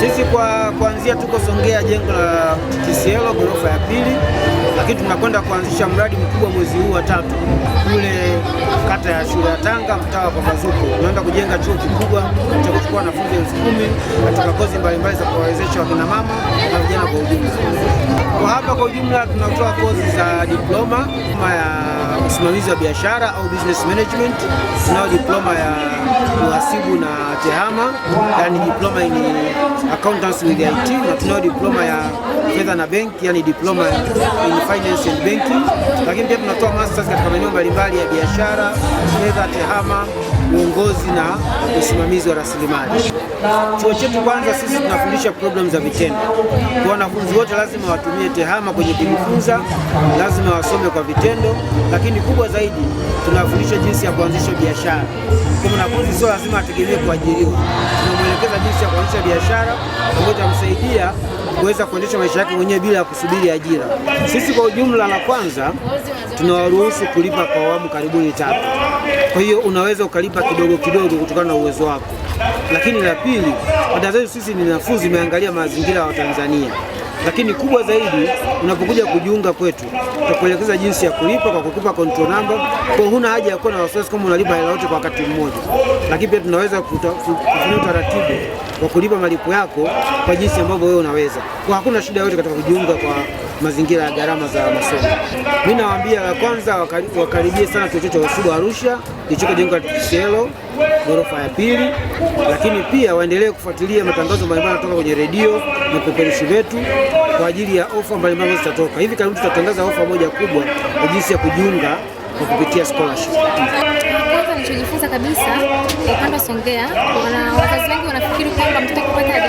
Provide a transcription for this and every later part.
Sisi kwa kuanzia tuko Songea, jengo la TCL ghorofa ya pili, lakini tunakwenda kuanzisha mradi mkubwa mwezi huu wa tatu kule kata ya shule ya Tanga, mtaa wa Pambazuko. Tunaenda kujenga chuo kikubwa cha kuchukua wanafunzi elfu kumi katika kozi mbalimbali za kuwawezesha wakina mama na vijana kwa ujumla. Kwa hapa kwa ujumla tunatoa kozi za diploma ya usimamizi wa biashara au business management. Tunao diploma ya uhasibu na tehama, yani diploma ini accountants with IT na tunayo diploma ya fedha na benki, yani diploma in finance and banking, lakini pia tunatoa masters katika maeneo mbalimbali ya biashara, fedha, tehama, uongozi na usimamizi wa rasilimali. Chuo chetu kwanza, sisi tunafundisha programu za vitendo kwa wanafunzi wote, lazima watumie tehama kwenye kujifunza, lazima wasome kwa vitendo, lakini kubwa zaidi tunafundisha jinsi ya kuanzisha biashara. Kwa mwanafunzi sio lazima ategemee kuajiriwa, tunamwelekeza jinsi ya kuanzisha biashara ambayo itamsaidia kuweza kuendesha maisha yake mwenyewe bila ya kusubiri ajira. Sisi kwa ujumla, la kwanza tunawaruhusu kulipa kwa awamu karibuni tatu. Kwa hiyo unaweza ukalipa kidogo kidogo kutokana na uwezo wako, lakini la pili, ada zetu sisi ni nafuu, zimeangalia mazingira ya Watanzania lakini kubwa zaidi unapokuja kujiunga kwetu tutakuelekeza jinsi ya kulipa kwa kukupa control number. Kwa huna haja ya kuwa na wasiwasi kama unalipa hela yote kwa wakati mmoja, lakini pia tunaweza kufanya utaratibu wa kulipa malipo yako kwa jinsi ambavyo wewe unaweza. Kwa hakuna shida yoyote katika kujiunga kwa mazingira ya gharama za masomo. Mimi nawaambia la kwanza, wakaribie sana kituo cha Usugu Arusha la Kiselo ghorofa ya pili, lakini pia waendelee kufuatilia matangazo mbalimbali kutoka kwenye redio na peperushi vetu kwa ajili ya ofa mbalimbali zitatoka hivi karibuni. Tutatangaza ofa moja kubwa kwa jinsi ya kujiunga kwa kupitia scholarship. Kwanza nilichojifunza kabisa upande wa Songea, wazazi wengi wanafikiri kwamba mtoto kupata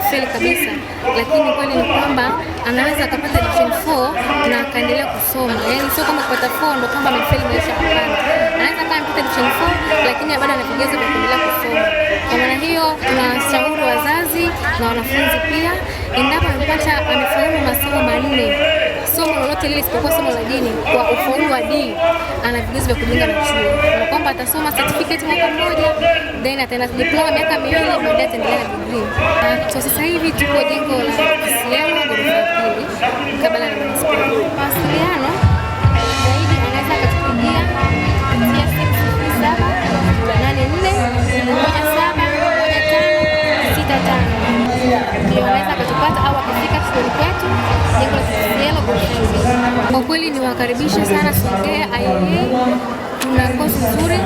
amefeli kabisa, lakini kweli ni kwamba anaweza akapata division 4 na akaendelea kusoma. Yani sio kama kupata 4 ndo kwamba amefeli maisha. Hapana, anaweza kama kupata division 4 lakini bado ana vigezo vya kuendelea kusoma. Kwa maana hiyo, tunashauri wazazi na wanafunzi pia, endapo amepata amefaulu masomo manne, somo lolote lile isipokuwa somo la dini kwa ufaulu D ana vigezo vya kujiunga na chuo, na kwamba atasoma certificate mwaka mmoja, then ataenda diploma miaka miwili, baadaye ataendelea na degree. So sasa hivi tuko jengo la Kisiano ghorofa ya pili kabla na manispaa. Mawasiliano zaidi anaweza akatupigia kupitia simu saba nane nne moja saba moja tano sita tano ndio anaweza akatupata au akafika chuoni kwetu jengo la Kisiano ghorofa ya pili. Kwa kweli niwakaribishe sana Songea IA, tuna kozi nzuri,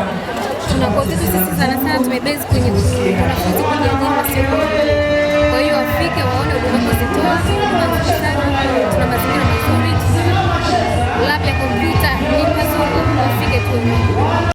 tuna kozi zetu sisi sana sana tumebezi kwenye wanafunzi kwenye ajenda. Kwa hiyo wafike waone huduma tunazitoa.